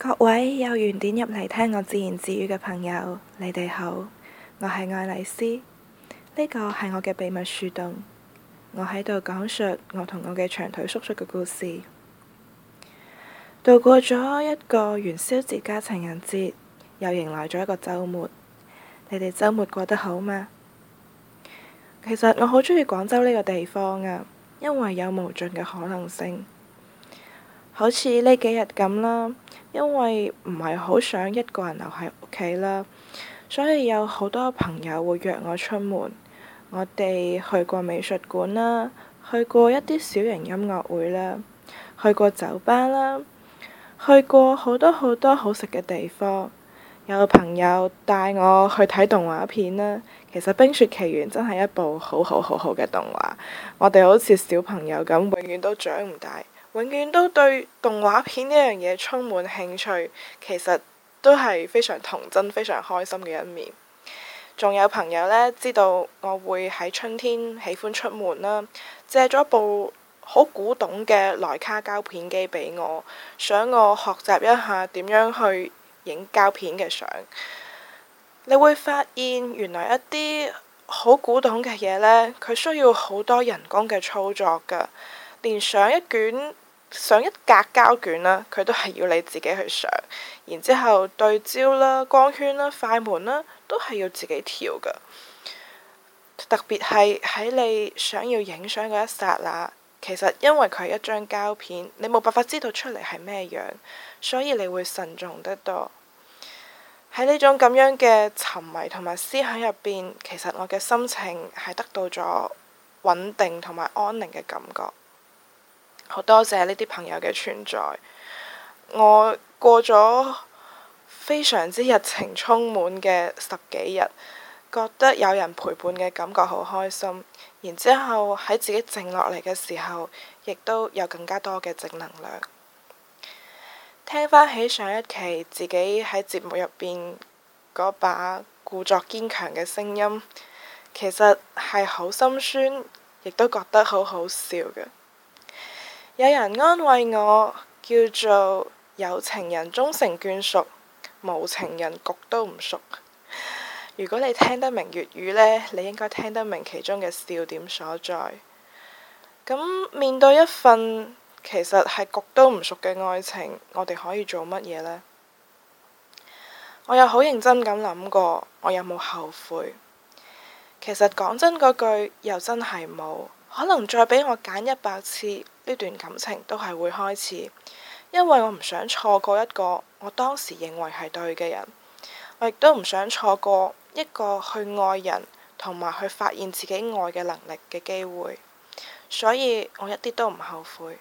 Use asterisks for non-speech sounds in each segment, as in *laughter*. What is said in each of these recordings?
各位有緣點入嚟聽我自言自語嘅朋友，你哋好，我係愛麗絲，呢個係我嘅秘密樹洞，我喺度講述我同我嘅長腿叔叔嘅故事，度過咗一個元宵節加情人節，又迎來咗一個週末，你哋週末過得好嗎？其實我好中意廣州呢個地方啊，因為有無盡嘅可能性。好似呢幾日咁啦，因為唔係好想一個人留喺屋企啦，所以有好多朋友會約我出門。我哋去過美術館啦，去過一啲小型音樂會啦，去過酒吧啦，去過好多好多好食嘅地方。有朋友帶我去睇動畫片啦。其實《冰雪奇緣》真係一部好好好好嘅動畫。我哋好似小朋友咁，永遠都長唔大。永遠都對動畫片呢樣嘢充滿興趣，其實都係非常童真、非常開心嘅一面。仲有朋友呢，知道我會喺春天喜歡出門啦，借咗部好古董嘅萊卡膠片機俾我，想我學習一下點樣去影膠片嘅相。你會發現，原來一啲好古董嘅嘢呢，佢需要好多人工嘅操作㗎，連上一卷。上一格膠卷啦，佢都係要你自己去上，然之後對焦啦、光圈啦、快門啦，都係要自己調㗎。特別係喺你想要影相嗰一剎那，其實因為佢係一張膠片，你冇辦法知道出嚟係咩樣，所以你會慎重得多。喺呢種咁樣嘅沉迷同埋思考入邊，其實我嘅心情係得到咗穩定同埋安寧嘅感覺。好多謝呢啲朋友嘅存在，我過咗非常之日程充滿嘅十幾日，覺得有人陪伴嘅感覺好開心。然之後喺自己靜落嚟嘅時候，亦都有更加多嘅正能量。聽翻起上一期自己喺節目入邊嗰把故作堅強嘅聲音，其實係好心酸，亦都覺得好好笑嘅。有人安慰我，叫做有情人終成眷屬，冇情人局都唔熟。如果你聽得明粵語呢，你應該聽得明其中嘅笑點所在。咁面對一份其實係局都唔熟嘅愛情，我哋可以做乜嘢呢？我又好認真咁諗過，我有冇後悔？其實講真嗰句又真係冇，可能再俾我揀一百次。呢段感情都係會開始，因為我唔想錯過一個我當時認為係對嘅人，我亦都唔想錯過一個去愛人同埋去發現自己愛嘅能力嘅機會，所以我一啲都唔後悔。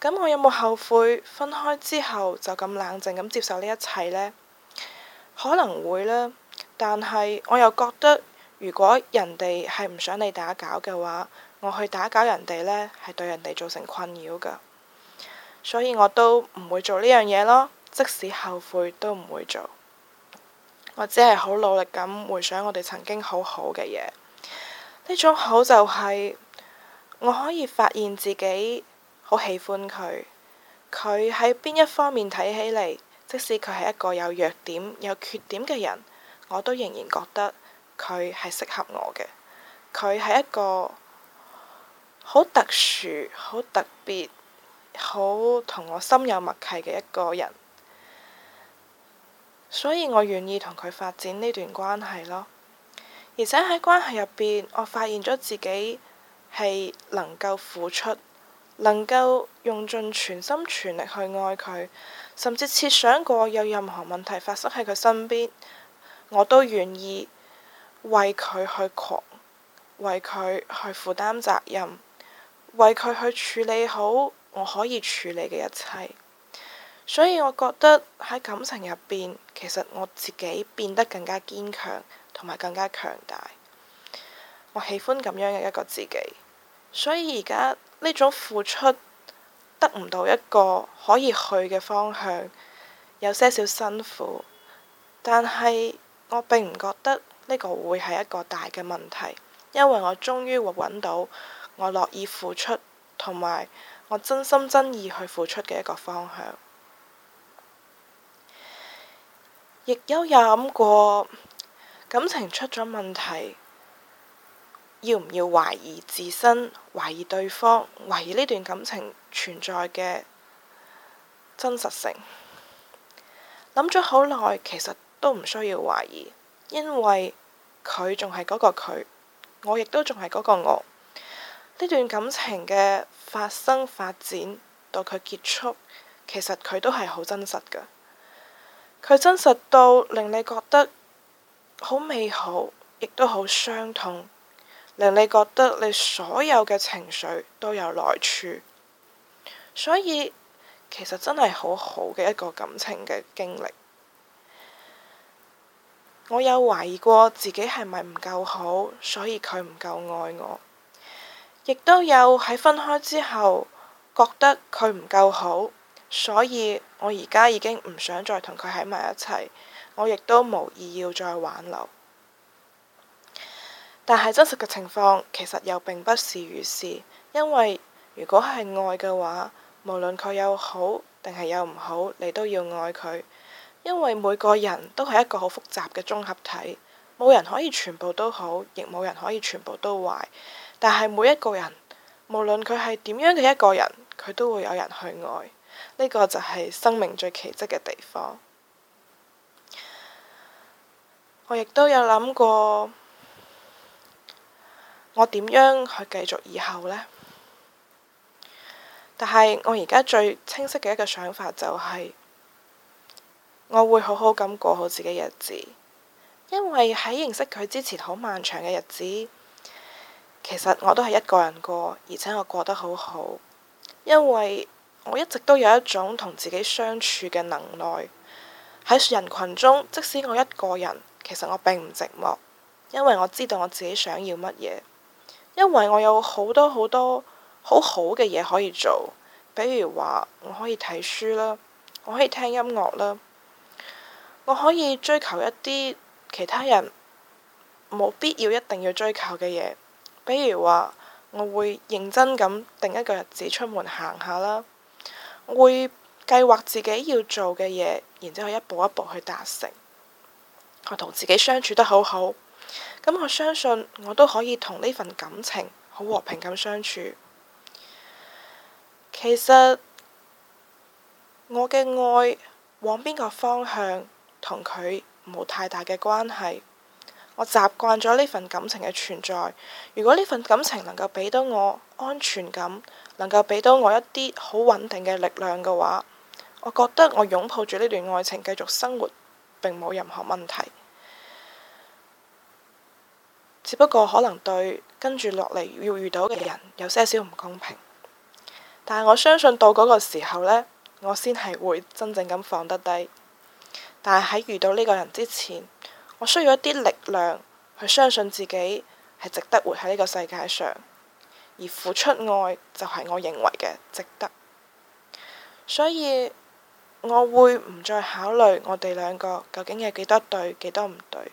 咁我有冇後悔分開之後就咁冷靜咁接受呢一切咧？可能會啦，但係我又覺得如果人哋係唔想你打攪嘅話。我去打攪人哋呢，係對人哋造成困擾噶，所以我都唔會做呢樣嘢咯。即使後悔都唔會做，我只係好努力咁回想我哋曾經好好嘅嘢。呢種好就係、是、我可以發現自己好喜歡佢，佢喺邊一方面睇起嚟，即使佢係一個有弱點、有缺點嘅人，我都仍然覺得佢係適合我嘅。佢係一個好特殊、好特別、好同我心有默契嘅一個人，所以我願意同佢發展呢段關係咯。而且喺關係入便，我發現咗自己係能夠付出，能夠用盡全心全力去愛佢，甚至設想過有任何問題發生喺佢身邊，我都願意為佢去狂，為佢去負擔責任。為佢去處理好我可以處理嘅一切，所以我覺得喺感情入邊，其實我自己變得更加堅強同埋更加強大。我喜歡咁樣嘅一個自己，所以而家呢種付出得唔到一個可以去嘅方向，有些少辛苦，但係我並唔覺得呢個會係一個大嘅問題，因為我終於會揾到。我樂意付出，同埋我真心真意去付出嘅一個方向，亦有諗過感情出咗問題，要唔要懷疑自身、懷疑對方、懷疑呢段感情存在嘅真實性？諗咗好耐，其實都唔需要懷疑，因為佢仲係嗰個佢，我亦都仲係嗰個我。呢段感情嘅發生、發展到佢結束，其實佢都係好真實㗎。佢真實到令你覺得好美好，亦都好傷痛，令你覺得你所有嘅情緒都有來處。所以其實真係好好嘅一個感情嘅經歷。我有懷疑過自己係咪唔夠好，所以佢唔夠愛我。亦都有喺分開之後覺得佢唔夠好，所以我而家已經唔想再同佢喺埋一齊。我亦都無意要再挽留。但係真實嘅情況其實又並不是如是，因為如果係愛嘅話，無論佢有好定係有唔好，你都要愛佢。因為每個人都係一個好複雜嘅綜合體，冇人可以全部都好，亦冇人可以全部都壞。但係每一個人，無論佢係點樣嘅一個人，佢都會有人去愛。呢個就係生命最奇蹟嘅地方。我亦都有諗過，我點樣去繼續以後呢？但係我而家最清晰嘅一個想法就係，我會好好咁過好自己日子，因為喺認識佢之前，好漫長嘅日子。其實我都係一個人過，而且我過得好好，因為我一直都有一種同自己相處嘅能耐。喺人群中，即使我一個人，其實我並唔寂寞，因為我知道我自己想要乜嘢，因為我有好多好多好好嘅嘢可以做，比如話我可以睇書啦，我可以聽音樂啦，我可以追求一啲其他人冇必要一定要追求嘅嘢。比如話，我會認真咁定一個日子出門行下啦，我會計劃自己要做嘅嘢，然之後一步一步去達成，我同自己相處得好好，咁我相信我都可以同呢份感情好和平咁相處。其實我嘅愛往邊個方向，同佢冇太大嘅關係。我習慣咗呢份感情嘅存在。如果呢份感情能夠俾到我安全感，能夠俾到我一啲好穩定嘅力量嘅話，我覺得我擁抱住呢段愛情繼續生活，並冇任何問題。只不過可能對跟住落嚟要遇到嘅人有些少唔公平。但係我相信到嗰個時候呢，我先係會真正咁放得低。但係喺遇到呢個人之前。我需要一啲力量去相信自己係值得活喺呢個世界上，而付出愛就係我認為嘅值得。所以，我會唔再考慮我哋兩個究竟有幾多對幾多唔對，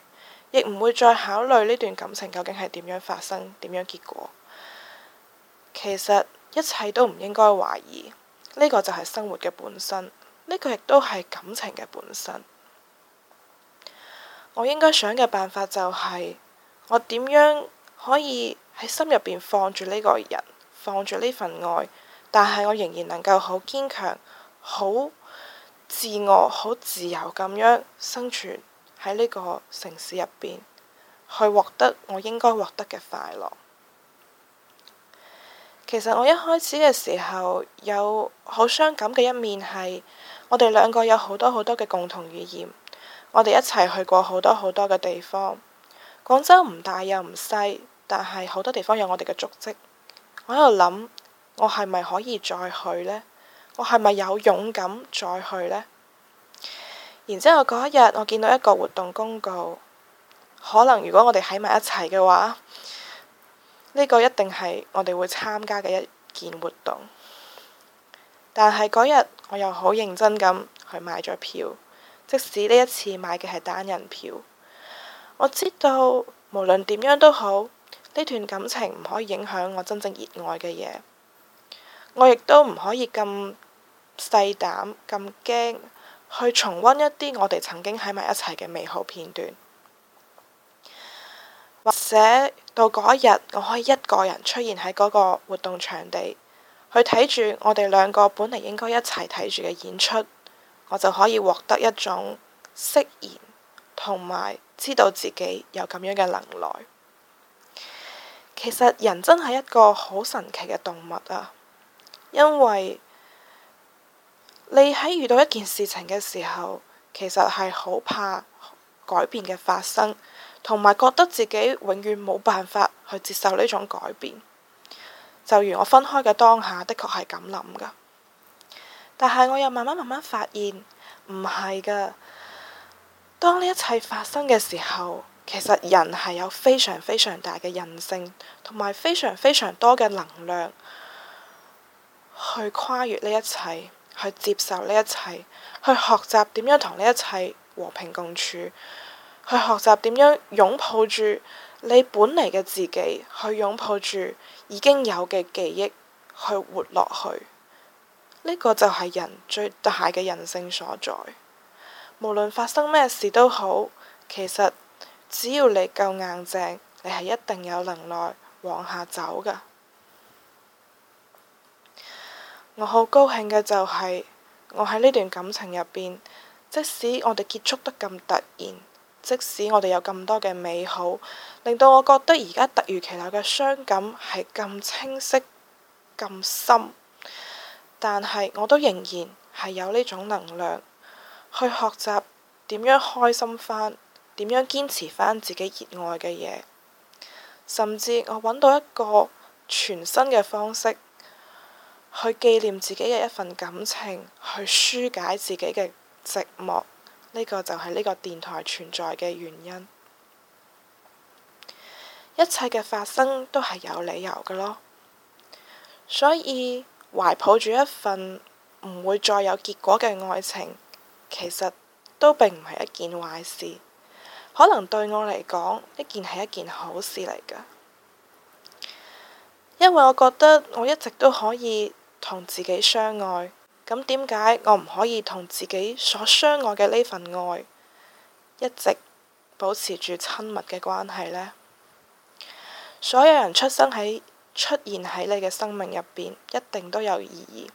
亦唔會再考慮呢段感情究竟係點樣發生點樣結果。其實一切都唔應該懷疑，呢個就係生活嘅本身，呢個亦都係感情嘅本身。我應該想嘅辦法就係我點樣可以喺心入邊放住呢個人，放住呢份愛，但係我仍然能夠好堅強、好自我、好自由咁樣生存喺呢個城市入邊，去獲得我應該獲得嘅快樂。其實我一開始嘅時候有好傷感嘅一面係，我哋兩個有好多好多嘅共同語言。我哋一齊去過好多好多嘅地方，廣州唔大又唔細，但係好多地方有我哋嘅足跡。我喺度諗，我係咪可以再去呢？我係咪有勇敢再去呢？然之後嗰一日，我見到一個活動公告，可能如果我哋喺埋一齊嘅話，呢個一定係我哋會參加嘅一件活動。但係嗰日我又好認真咁去買咗票。即使呢一次買嘅係單人票，我知道無論點樣都好，呢段感情唔可以影響我真正熱愛嘅嘢。我亦都唔可以咁細膽、咁驚去重溫一啲我哋曾經喺埋一齊嘅美好片段，或者到嗰一日，我可以一個人出現喺嗰個活動場地，去睇住我哋兩個本嚟應該一齊睇住嘅演出。我就可以獲得一種釋然，同埋知道自己有咁樣嘅能耐。其實人真係一個好神奇嘅動物啊，因為你喺遇到一件事情嘅時候，其實係好怕改變嘅發生，同埋覺得自己永遠冇辦法去接受呢種改變。就如我分開嘅當下，的確係咁諗㗎。但係，我又慢慢慢慢發現，唔係㗎。當呢一切發生嘅時候，其實人係有非常非常大嘅人性，同埋非常非常多嘅能量，去跨越呢一切，去接受呢一切，去學習點樣同呢一切和平共處，去學習點樣擁抱住你本嚟嘅自己，去擁抱住已經有嘅記憶，去活落去。呢個就係人最大嘅人性所在。無論發生咩事都好，其實只要你夠硬淨，你係一定有能耐往下走㗎。我好高興嘅就係我喺呢段感情入邊，即使我哋結束得咁突然，即使我哋有咁多嘅美好，令到我覺得而家突如其來嘅傷感係咁清晰、咁深。但係我都仍然係有呢種能量去學習點樣開心翻，點樣堅持翻自己熱愛嘅嘢。甚至我揾到一個全新嘅方式去紀念自己嘅一份感情，去紓解自己嘅寂寞。呢、呢個就係呢個電台存在嘅原因。一切嘅發生都係有理由嘅咯，所以。懷抱住一份唔會再有結果嘅愛情，其實都並唔係一件壞事。可能對我嚟講，一件係一件好事嚟㗎，因為我覺得我一直都可以同自己相愛。咁點解我唔可以同自己所相愛嘅呢份愛一直保持住親密嘅關係呢？所有人出生喺出現喺你嘅生命入邊，一定都有意義。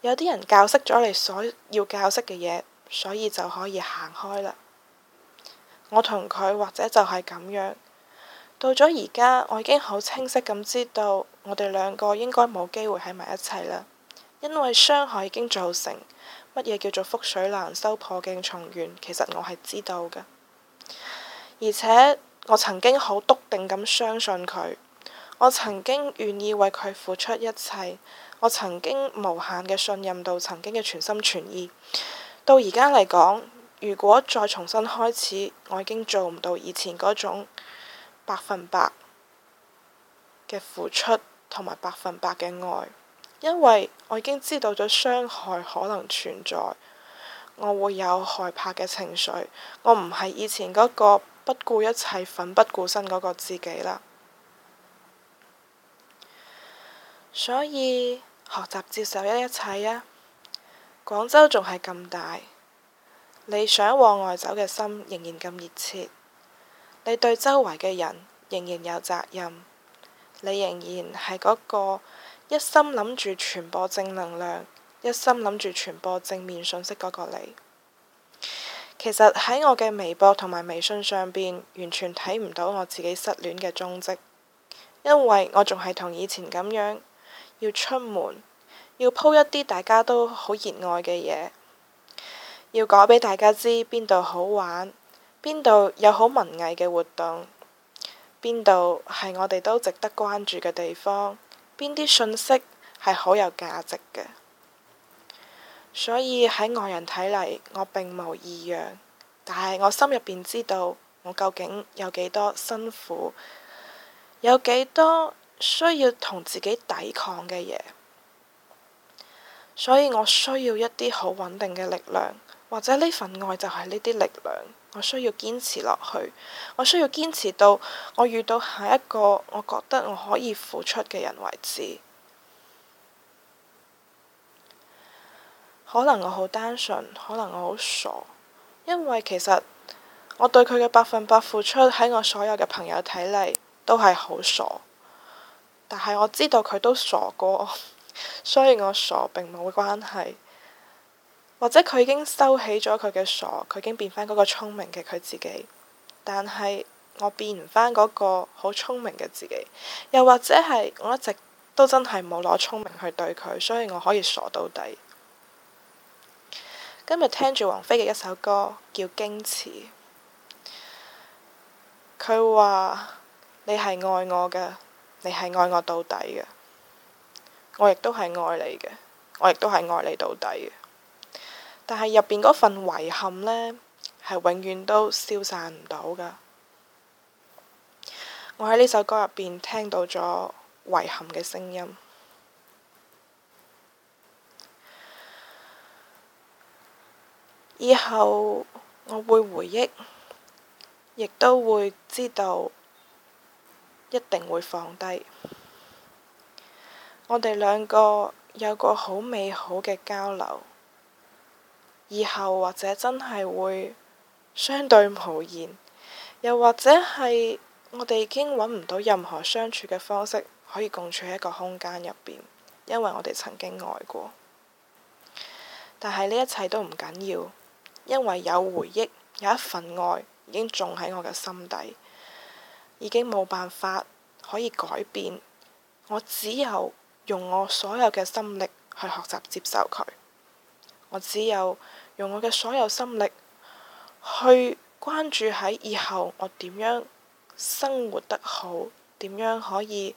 有啲人教識咗你所要教識嘅嘢，所以就可以行開啦。我同佢或者就係咁樣。到咗而家，我已經好清晰咁知道，我哋兩個應該冇機會喺埋一齊啦，因為傷害已經造成。乜嘢叫做覆水難收、破鏡重圓？其實我係知道嘅，而且我曾經好篤定咁相信佢。我曾經願意為佢付出一切，我曾經無限嘅信任到曾經嘅全心全意，到而家嚟講，如果再重新開始，我已經做唔到以前嗰種百分百嘅付出同埋百分百嘅愛，因為我已經知道咗傷害可能存在，我會有害怕嘅情緒，我唔係以前嗰個不顧一切、奮不顧身嗰個自己啦。所以學習接受一一切啊！廣州仲係咁大，你想往外走嘅心仍然咁熱切，你對周圍嘅人仍然有責任，你仍然係嗰個一心諗住傳播正能量，一心諗住傳播正面信息嗰個你。其實喺我嘅微博同埋微信上面，完全睇唔到我自己失戀嘅蹤跡，因為我仲係同以前咁樣。要出門，要鋪一啲大家都好熱愛嘅嘢，要講俾大家知邊度好玩，邊度有好文藝嘅活動，邊度係我哋都值得關注嘅地方，邊啲信息係好有價值嘅。所以喺外人睇嚟，我並無異樣，但係我心入邊知道，我究竟有幾多辛苦，有幾多需要同自己抵抗嘅嘢，所以我需要一啲好穩定嘅力量，或者呢份愛就係呢啲力量。我需要堅持落去，我需要堅持到我遇到下一個我覺得我可以付出嘅人為止。可能我好單純，可能我好傻，因為其實我對佢嘅百分百付出喺我所有嘅朋友睇嚟都係好傻。但係我知道佢都傻過我， *laughs* 所以我傻並冇關係。或者佢已經收起咗佢嘅傻，佢已經變翻嗰個聰明嘅佢自己。但係我變唔翻嗰個好聰明嘅自己。又或者係我一直都真係冇攞聰明去對佢，所以我可以傻到底。今日聽住王菲嘅一首歌，叫《矜持》，佢話你係愛我嘅。你係愛我到底嘅，我亦都係愛你嘅，我亦都係愛你到底嘅。但係入邊嗰份遺憾呢，係永遠都消散唔到㗎。我喺呢首歌入邊聽到咗遺憾嘅聲音。以後我會回憶，亦都會知道。一定會放低，我哋兩個有個好美好嘅交流，以後或者真係會相對無言，又或者係我哋已經揾唔到任何相處嘅方式，可以共處喺一個空間入邊，因為我哋曾經愛過。但係呢一切都唔緊要，因為有回憶，有一份愛已經種喺我嘅心底。已經冇辦法可以改變，我只有用我所有嘅心力去學習接受佢。我只有用我嘅所有心力去關注喺以後我點樣生活得好，點樣可以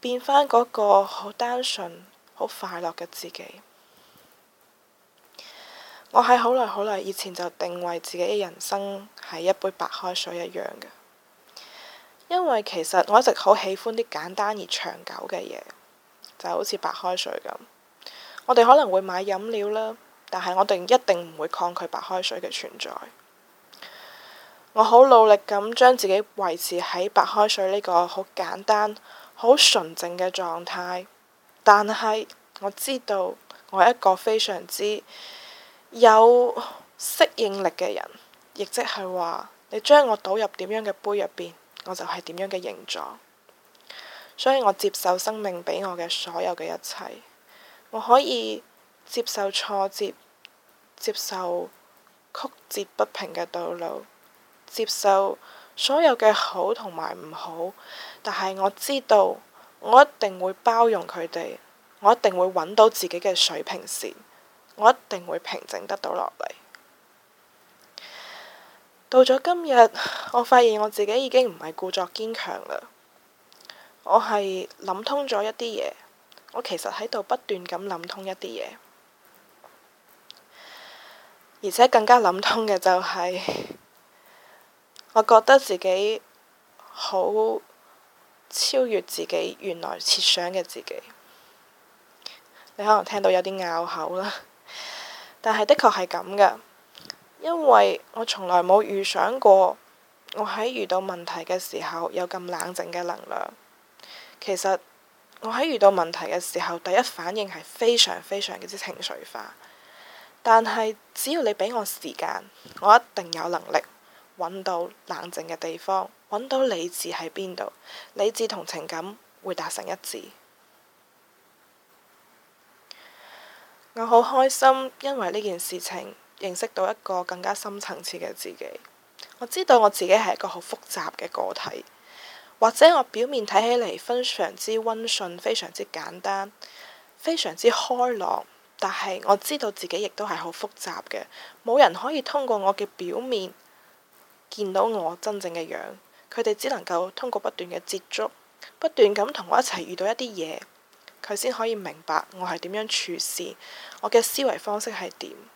變返嗰個好單純、好快樂嘅自己。我喺好耐好耐以前就定位自己嘅人生係一杯白開水一樣嘅。因為其實我一直好喜歡啲簡單而長久嘅嘢，就好似白開水咁。我哋可能會買飲料啦，但係我哋一定唔會抗拒白開水嘅存在。我好努力咁將自己維持喺白開水呢個好簡單、好純淨嘅狀態，但係我知道我係一個非常之有適應力嘅人，亦即係話，你將我倒入點樣嘅杯入邊。我就係點樣嘅形狀，所以我接受生命俾我嘅所有嘅一切。我可以接受挫折，接受曲折不平嘅道路，接受所有嘅好同埋唔好。但係我知道，我一定會包容佢哋，我一定會揾到自己嘅水平線，我一定會平靜得到落嚟。到咗今日，我發現我自己已經唔係故作堅強啦。我係諗通咗一啲嘢，我其實喺度不斷咁諗通一啲嘢，而且更加諗通嘅就係、是，我覺得自己好超越自己原來設想嘅自己。你可能聽到有啲拗口啦，但係的確係咁噶。因為我從來冇預想過，我喺遇到問題嘅時候有咁冷靜嘅能量。其實我喺遇到問題嘅時候，第一反應係非常非常嘅之情緒化。但係只要你俾我時間，我一定有能力揾到冷靜嘅地方，揾到理智喺邊度，理智同情感會達成一致。我好開心，因為呢件事情，認識到一個更加深層次嘅自己。我知道我自己係一個好複雜嘅個體，或者我表面睇起嚟非常之温順、非常之簡單、非常之開朗，但係我知道自己亦都係好複雜嘅。冇人可以通過我嘅表面見到我真正嘅樣，佢哋只能夠通過不斷嘅接觸，不斷咁同我一齊遇到一啲嘢，佢先可以明白我係點樣處事，我嘅思維方式係點。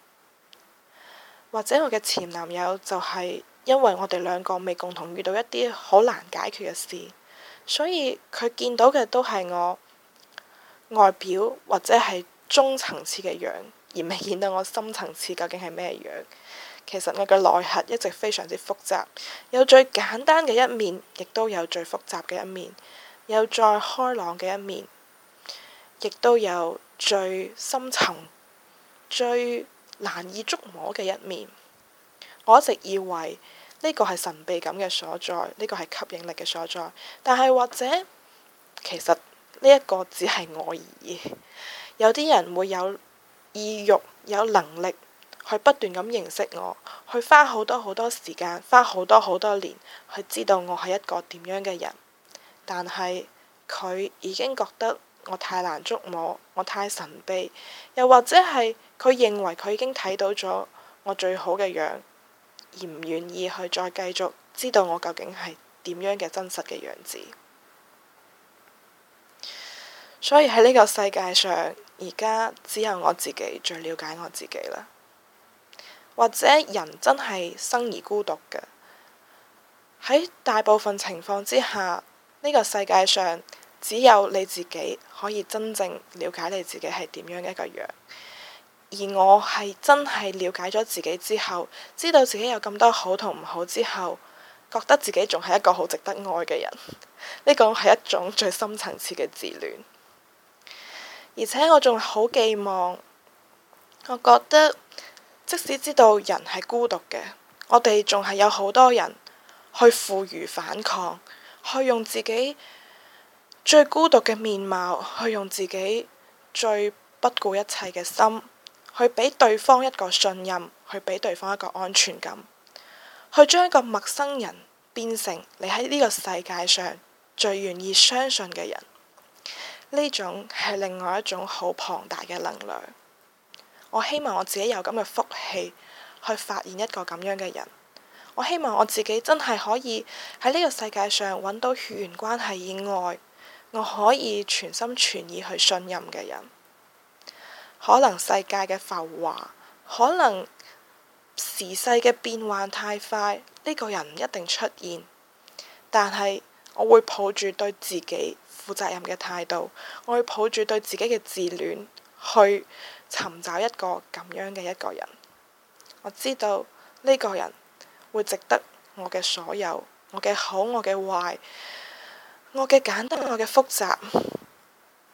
或者我嘅前男友就係因為我哋兩個未共同遇到一啲好難解決嘅事，所以佢見到嘅都係我外表或者係中層次嘅樣，而未見到我深層次究竟係咩樣。其實我嘅內核一直非常之複雜，有最簡單嘅一面，亦都有最複雜嘅一面，有再開朗嘅一面，亦都有最深層最，難以捉摸嘅一面，我一直以為呢個係神秘感嘅所在，呢個係吸引力嘅所在。但係或者其實呢一個只係我而已。有啲人會有意欲有能力去不斷咁認識我，去花好多好多時間，花好多好多年去知道我係一個點樣嘅人。但係佢已經覺得。我太難捉摸，我太神秘，又或者係佢認為佢已經睇到咗我最好嘅樣，而唔願意去再繼續知道我究竟係點樣嘅真實嘅樣子。所以喺呢個世界上，而家只有我自己最了解我自己啦。或者人真係生而孤獨嘅，喺大部分情況之下，呢個世界上。只有你自己可以真正了解你自己係點樣一個樣，而我係真係了解咗自己之後，知道自己有咁多好同唔好之後，覺得自己仲係一個好值得愛嘅人。呢個係一種最深層次嘅自戀。而且我仲好寄望，我覺得即使知道人係孤獨嘅，我哋仲係有好多人去賦予反抗，去用自己，最孤獨嘅面貌，去用自己最不顧一切嘅心，去俾對方一個信任，去俾對方一個安全感，去將一個陌生人變成你喺呢個世界上最願意相信嘅人。呢種係另外一種好龐大嘅能量。我希望我自己有咁嘅福氣，去發現一個咁樣嘅人。我希望我自己真係可以喺呢個世界上揾到血緣關係以外。我可以全心全意去信任嘅人，可能世界嘅浮華，可能時勢嘅變幻太快，呢個人唔一定出現。但係我會抱住對自己負責任嘅態度，我會抱住對自己嘅自戀去尋找一個咁樣嘅一個人。我知道呢個人會值得我嘅所有，我嘅好，我嘅壞。我嘅簡單，我嘅複雜，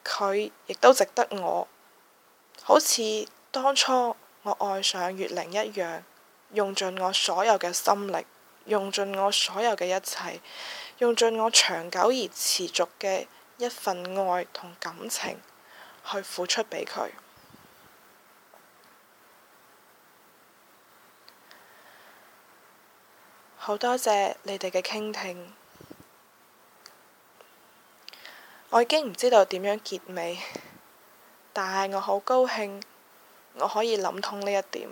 佢亦都值得我。好似當初我愛上月玲一樣，用盡我所有嘅心力，用盡我所有嘅一切，用盡我長久而持續嘅一份愛同感情去付出俾佢。好多謝你哋嘅傾聽。我已經唔知道點樣結尾，但係我好高興我可以諗通呢一點，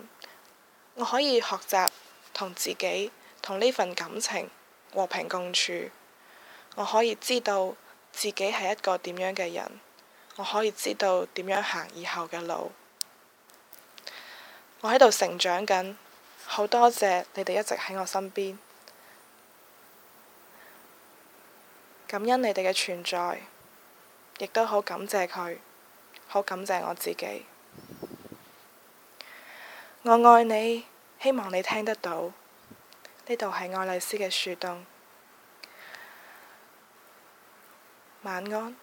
我可以學習同自己同呢份感情和平共處，我可以知道自己係一個點樣嘅人，我可以知道點樣行以後嘅路，我喺度成長緊，好多謝你哋一直喺我身邊，感恩你哋嘅存在。亦都好感謝佢，好感謝我自己。我愛你，希望你聽得到。呢度係愛麗絲嘅樹洞。晚安。